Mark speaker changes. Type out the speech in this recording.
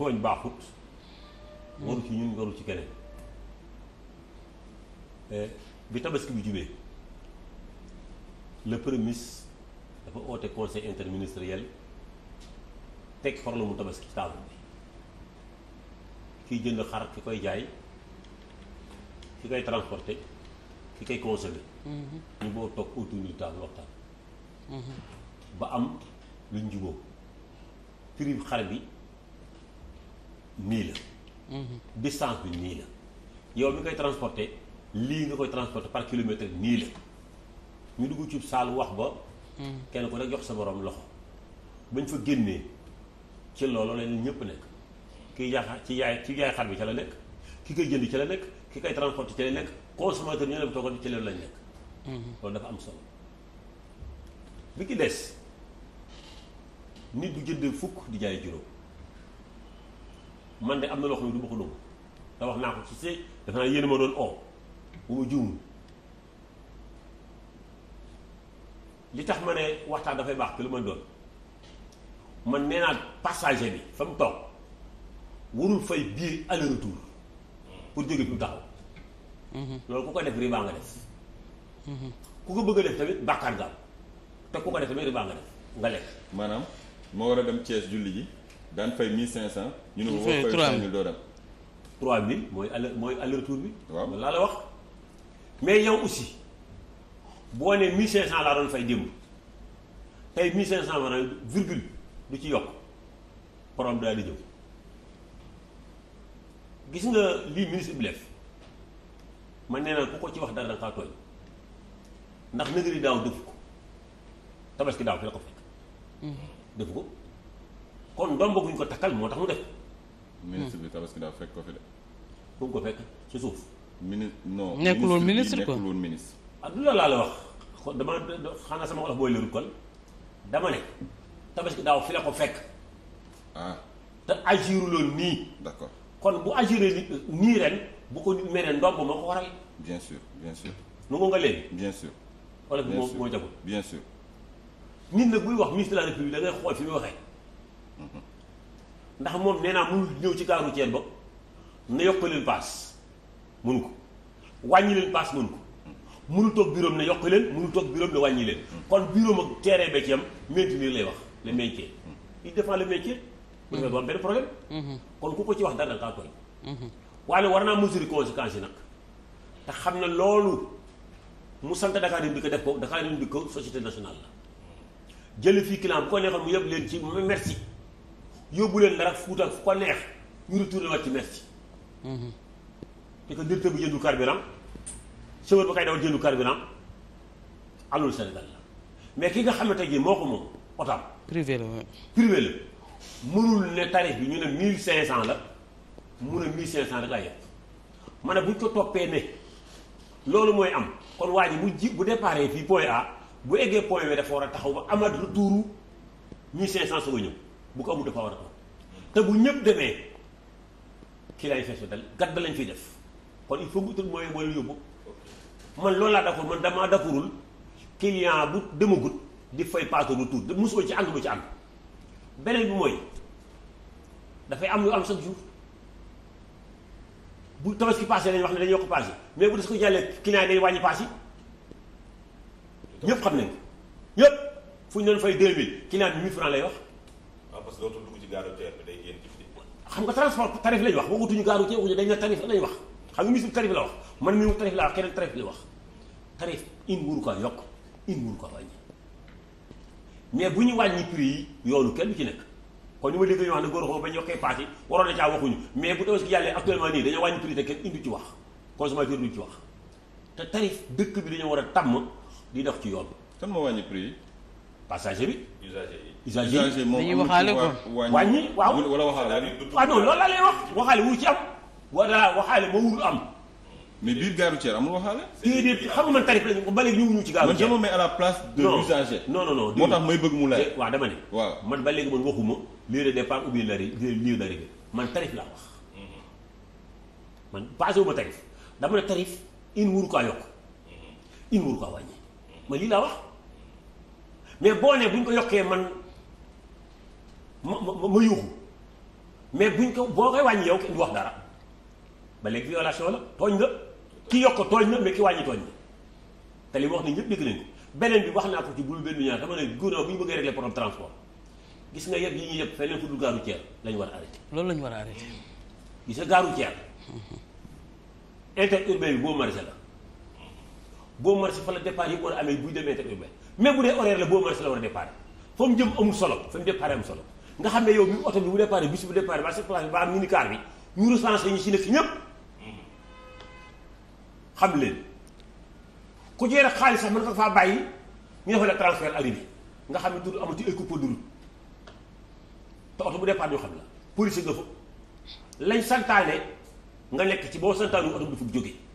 Speaker 1: tooñ baaxut waru ci ñun waru ci keneen eh, bi tabaski bi jubee le premier dafa oote conseil interministériel teg forla mu tabaski ci table bi kiy jënd xar ki koy jaay ki koy transporter ki koy consommer mm-hmm. ñu boo toog autour du table waxtaan mm-hmm. ba am luñ juboo prix xar bi nii la. distance bi nii la yow mi koy transporter lii nga koy transporter par kilomètre nii la ñu dugg ci saal wax ba. kenn ko rek jox sa boroom loxo bañ fa génnee ci loolu la ñëpp nekk ki jaaxal ci yaay ci yaay xar bi ca la nekk ki koy jënd ca la nekk ki koy transporter ca la nekk consommateur ñoo dem toogal ci loolu lañ nekk. loolu dafa am solo bi ki des nit bu jënd fukk di jaay juróom. man de am na loo xam ne du ma ko nangu te wax naa ko ci see dafa naa yéen ma doon oo bu ma juumul li tax ma ne waxtaan dafay baax te lu ma doon man nee naa passager bi fa mu toog warul fay biir aller retour pour jóge bu mu taxaw mhm. loolu ku ko def ribaa nga def mhm. ku ko bëgg def tamit bàkkaar gaal te ku ko def tamit ribaa nga def nga lekk maanaam moo war a dem Thiès julli ji daan fay 1500. ñu ne ñu ne fay 5000 doo dem. 3000 mooy aller mooy aller retour bi. waaw laa la wax. mais yow aussi boo nee 1500 laa doon fay démb tey 1500 maanaam virgule du ci yokk problème daal di jëm gis nga lii ministre bi def man nee naa ku ko ci wax dara da nga kaa tooñ ndax nëgëri daaw dëfu ko tabaski daaw fi la ko fekk. Mm-hmm. dëfu ko. kon doom boobu ñu ko takkal moo tax mu def. ministre bi tabaski daa fekk ko fi de. fu mu ko fekk ci suuf. mini non nekkul woon ministre quoi ah du la laa la wax dama sama wolof booy leerul kon dama ne tabaski daaw fi fekk. ah te agiruloon nii. d'accord kon bu agiree nii bu ko nit moo ko bien sûr wala bi moo moo jagul. nit nag buy wax ministre de la république da ngay fi muy waxee. ndax moom nee naa ñëw ci kaaru ceeb ba ne yokk leen paas mënu ko wàññi leen paas mënu ko mënul toog bureau ne yokk leen mënul toog bureau ne wàññi leen kon bureau ak terrain ba ci am maintenir lay wax le métier il défend le métier bu nga doon benn problème kon ku ko ci wax dara kaa koy waaye war naa mesure conséquences yi nag te xam ne loolu mu sant Dakar Dem Dikk def ko Dakar di Dikk société nationale la jële fii client bu ko neexoon mu yëpp leen ci merci yóbbu leen dara fuut ak fu ko neex ñu retourné waat ci merci. te que directeur bi jëndu carburant chauffeur ba kay dawal jëndu carburant alul Sénégal la mais ki nga xamante ne moo ko moom otam. privé la waaw mënul ne tarif bi ñu ne 1500 la mu ne 1500 rek laa yëpp ma ne bu ko toppee ne loolu mooy am kon waa ji mu ji bu départ fii point A bu eggee point bi dafa war a taxaw ba amaat retouru 1500 su nga ñëw. bu ko amul dafa war a am te bu ñëpp demee kii laay fees dal gat ba lañ fiy def kon il faut que mooy mooy yóbbu man loolu laa d'accord man damaa d'accordul client bu demagut di fay paaka lu tuut mosuma ci ànd ma ci ànd beneen bi mooy am lu am chaque jour bu tabaski passé lañ wax ne dañu yokk paas yi mais bu des ko jàllee client yi day wàññi paas ñëpp xam ne ko ñëpp fu ñu doon fay 2000 client bi 1000 francs lay wax. parce que dootul dugg ci gare routière bi day génn ci biti xam nga transport tarif lañ wax waxutuñu gare routière waxuñu dañ ne tarif lañ wax xam nga ministre tarif la wax man mii tarif la wax keneen tarif li wax tarif in wuru ko ko wàññi mais bu ñu wàññi prix yi yoonu kenn ci nekk kon ni ma dégg ñu wax ne góor xoo ba ñu yokkee paas yi waroon na caa waxuñu mais bu tabaski yàlla actuellement nii dañoo wàññi prix te kenn indi ci wax consommateur duñ ci wax te tarif dëkk bi dañoo war a tàmm di dox ci yoon kan ma wàññi prix yi passager bi. usager yi dañuy waxaale ko wàññi waaw wala waxaale waaw non loolu laa lay wax waxaale wu ci am wala waxaale moo wul am. mais biir gare routière amul waxaale. déedéet xam nga man tarif lañu ko ba léegi ñëwuñu ci gare routière man je me mets à la place de l'usager. non non non moo tax may bëgg mu laaj. waaw dama ne. man ba léegi man waxuma lieu de départ ou man tarif laa wax mm-hmm. man passé ma tarif dama ne tarif in wuru kaa yokk mm-hmm. in wuru kaa wàññi ma lii laa wax. mais boo ne bu ñu ko yokkee man ma ma ma yuuxu mais buñ ko boo koy wàññi yow kenn du wax dara ba léegi violation la tooñ nga ki yokk tooñ na mais ki wàññi tooñ na te li wax ni ñëpp dégg nañ ko beneen bi wax naa ko ci bulu benn ñaar dama ne gouvernement bu ñu bëggee régler problème transport gis nga yëpp yi ñuy yëpp feneen fu dul gare routière lañ war a arrêté. loolu lañ war a arrêté. gis nga gare routière interurbain bi boo marché la boo marché fa la départ yi war a amee buy demee interurbain même bu dee horaire la boo marché la war a départ fa mu jëm amul solo fa mu départ amul solo nga xam ne yow mi oto bi bu départ bus bu départ ba circulation bi ba am minicar bi ñu recensé ñu si xam leen ku jeer a sax mën nga faa bàyyi ñu defal la transfert arrivé nga xam ne du amati ay coupes du route te oto bu départ ñu xam la police nga fa lañ santaane nga nekk ci boo santaanu oto bi dafa jógee.